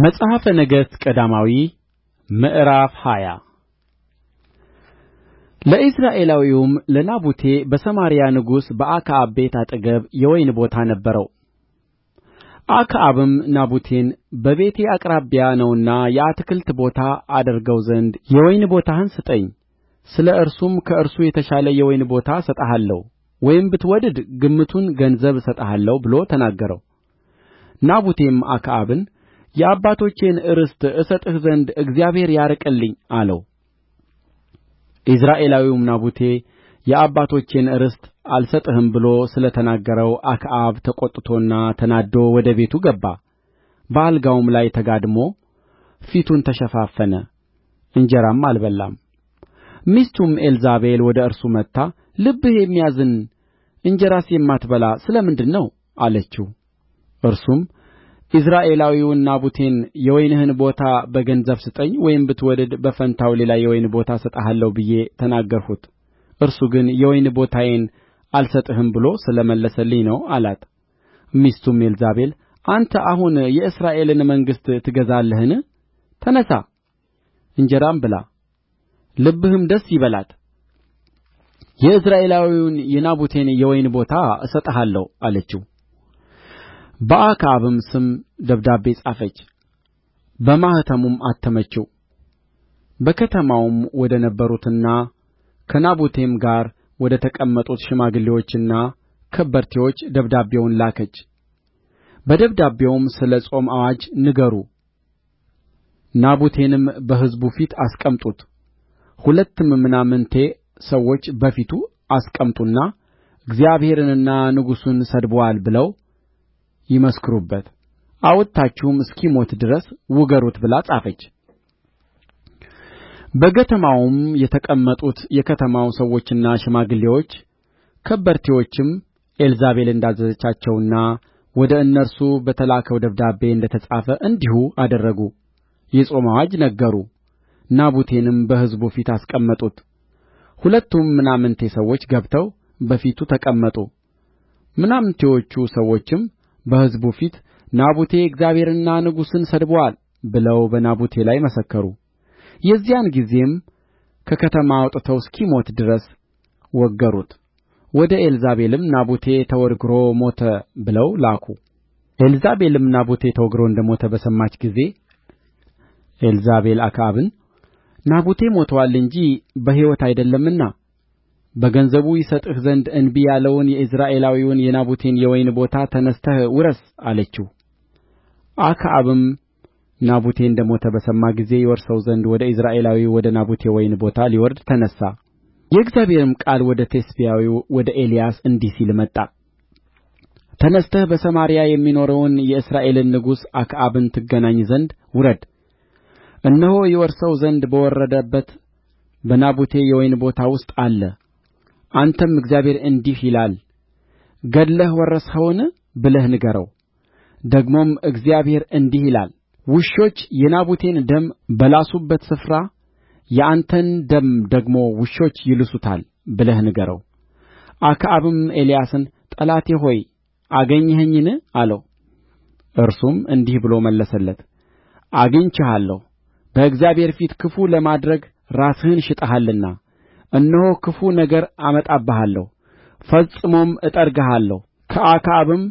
መጽሐፈ ነገሥት ቀዳማዊ ምዕራፍ ሃያ ለኢይዝራኤላዊውም ለናቡቴ በሰማርያ ንጉሥ በአክዓብ ቤት አጠገብ የወይን ቦታ ነበረው። አክዓብም ናቡቴን በቤቴ አቅራቢያ ነውና የአትክልት ቦታ አደርገው ዘንድ የወይን ቦታህን ስጠኝ፣ ስለ እርሱም ከእርሱ የተሻለ የወይን ቦታ እሰጥሃለሁ፣ ወይም ብትወድድ ግምቱን ገንዘብ እሰጥሃለሁ ብሎ ተናገረው። ናቡቴም አክዓብን የአባቶቼን ርስት እሰጥህ ዘንድ እግዚአብሔር ያርቅልኝ አለው ኢይዝራኤላዊውም ናቡቴ የአባቶቼን ርስት አልሰጥህም ብሎ ስለ ተናገረው አክዓብ ተቈጥቶና ተናድዶ ወደ ቤቱ ገባ በአልጋውም ላይ ተጋድሞ ፊቱን ተሸፋፈነ እንጀራም አልበላም ሚስቱም ኤልዛቤል ወደ እርሱ መጥታ ልብህ የሚያዝን እንጀራስ የማትበላ ስለ ምንድር ነው አለችው እርሱም ኢይዝራኤላዊውን ናቡቴን የወይንህን ቦታ በገንዘብ ስጠኝ ወይም ብትወድድ በፋንታው ሌላ የወይን ቦታ እሰጥሃለሁ ብዬ ተናገርሁት እርሱ ግን የወይን ቦታዬን አልሰጥህም ብሎ ስለ መለሰልኝ ነው አላት ሚስቱም ኤልዛቤል አንተ አሁን የእስራኤልን መንግሥት ትገዛለህን ተነሣ እንጀራም ብላ ልብህም ደስ ይበላት የኢይዝራኤላዊውን የናቡቴን የወይን ቦታ እሰጥሃለሁ አለችው በአክዓብም ስም ደብዳቤ ጻፈች በማኅተሙም አተመችው በከተማውም ወደ ነበሩትና ከናቡቴም ጋር ወደ ተቀመጡት ሽማግሌዎችና ከበርቴዎች ደብዳቤውን ላከች በደብዳቤውም ስለ ጾም አዋጅ ንገሩ ናቡቴንም በሕዝቡ ፊት አስቀምጡት ሁለትም ምናምንቴ ሰዎች በፊቱ አስቀምጡና እግዚአብሔርንና ንጉሡን ሰድቦአል ብለው ይመስክሩበት አውጥታችሁም እስኪሞት ድረስ ውገሩት ብላ ጻፈች በከተማውም የተቀመጡት የከተማው ሰዎችና ሽማግሌዎች ከበርቴዎችም ኤልዛቤል እንዳዘዘቻቸውና ወደ እነርሱ በተላከው ደብዳቤ እንደ ተጻፈ እንዲሁ አደረጉ የጾም አዋጅ ነገሩ ናቡቴንም በሕዝቡ ፊት አስቀመጡት ሁለቱም ምናምንቴ ሰዎች ገብተው በፊቱ ተቀመጡ ምናምንቴዎቹ ሰዎችም በሕዝቡ ፊት ናቡቴ እግዚአብሔርንና ንጉሡን ሰድቦአል ብለው በናቡቴ ላይ መሰከሩ የዚያን ጊዜም ከከተማ አውጥተው እስኪሞት ድረስ ወገሩት ወደ ኤልዛቤልም ናቡቴ ተወግሮ ሞተ ብለው ላኩ ኤልዛቤልም ናቡቴ ተወግሮ እንደ ሞተ በሰማች ጊዜ ኤልዛቤል አክዓብን ናቡቴ ሞቶአል እንጂ በሕይወት አይደለምና በገንዘቡ ይሰጥህ ዘንድ እንቢ ያለውን የኢይዝራኤላዊውን የናቡቴን የወይን ቦታ ተነሥተህ ውረስ አለችው አክዓብም ናቡቴ እንደ ሞተ በሰማ ጊዜ ይወርሰው ዘንድ ወደ ኢይዝራኤላዊው ወደ ናቡቴ ወይን ቦታ ሊወርድ ተነሣ የእግዚአብሔርም ቃል ወደ ቴስብያዊው ወደ ኤልያስ እንዲህ ሲል መጣ ተነሥተህ በሰማርያ የሚኖረውን የእስራኤልን ንጉሥ አክዓብን ትገናኝ ዘንድ ውረድ እነሆ ይወርሰው ዘንድ በወረደበት በናቡቴ የወይን ቦታ ውስጥ አለ አንተም እግዚአብሔር እንዲህ ይላል ገድለህ ወረስኸውን ብለህ ንገረው ደግሞም እግዚአብሔር እንዲህ ይላል ውሾች የናቡቴን ደም በላሱበት ስፍራ የአንተን ደም ደግሞ ውሾች ይልሱታል ብለህ ንገረው አክዓብም ኤልያስን ጠላቴ ሆይ አገኘኸኝን አለው እርሱም እንዲህ ብሎ መለሰለት አግኝቼሃለሁ በእግዚአብሔር ፊት ክፉ ለማድረግ ራስህን ሽጠሃልና እነሆ ክፉ ነገር አመጣብሃለሁ ፈጽሞም እጠርግሃለሁ ከአክዓብም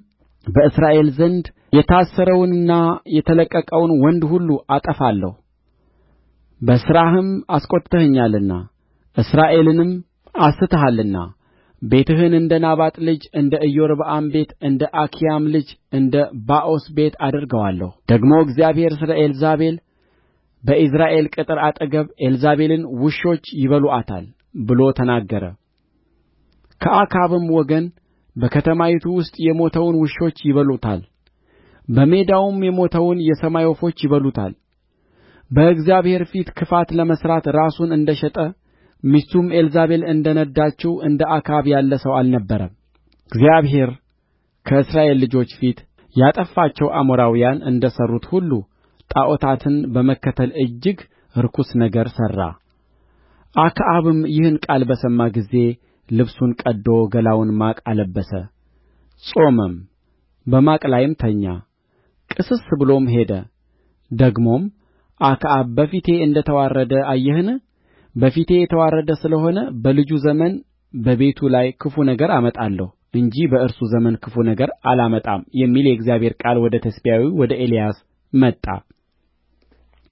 በእስራኤል ዘንድ የታሰረውንና የተለቀቀውን ወንድ ሁሉ አጠፋለሁ በሥራህም አስቈጥተኸኛልና እስራኤልንም አስተሃልና ቤትህን እንደ ናባጥ ልጅ እንደ ኢዮርብዓም ቤት እንደ አኪያም ልጅ እንደ ባኦስ ቤት አድርገዋለሁ ደግሞ እግዚአብሔር ስለ ኤልዛቤል በኢይዝራኤል ቅጥር አጠገብ ኤልዛቤልን ውሾች ይበሉአታል ብሎ ተናገረ ከአክዓብም ወገን በከተማይቱ ውስጥ የሞተውን ውሾች ይበሉታል በሜዳውም የሞተውን የሰማይ ወፎች ይበሉታል በእግዚአብሔር ፊት ክፋት ለመሥራት ራሱን እንደ ሸጠ ሚስቱም ኤልዛቤል እንደ ነዳችው እንደ አክዓብ ያለ ሰው አልነበረም እግዚአብሔር ከእስራኤል ልጆች ፊት ያጠፋቸው አሞራውያን እንደ ሠሩት ሁሉ ጣዖታትን በመከተል እጅግ ርኩስ ነገር ሠራ አክዓብም ይህን ቃል በሰማ ጊዜ ልብሱን ቀድዶ ገላውን ማቅ አለበሰ ጾመም በማቅ ላይም ተኛ ቅስስ ብሎም ሄደ ደግሞም አክዓብ በፊቴ እንደ ተዋረደ አየህን በፊቴ የተዋረደ ስለ ሆነ በልጁ ዘመን በቤቱ ላይ ክፉ ነገር አመጣለሁ እንጂ በእርሱ ዘመን ክፉ ነገር አላመጣም የሚል የእግዚአብሔር ቃል ወደ ተስቢያዊው ወደ ኤልያስ መጣ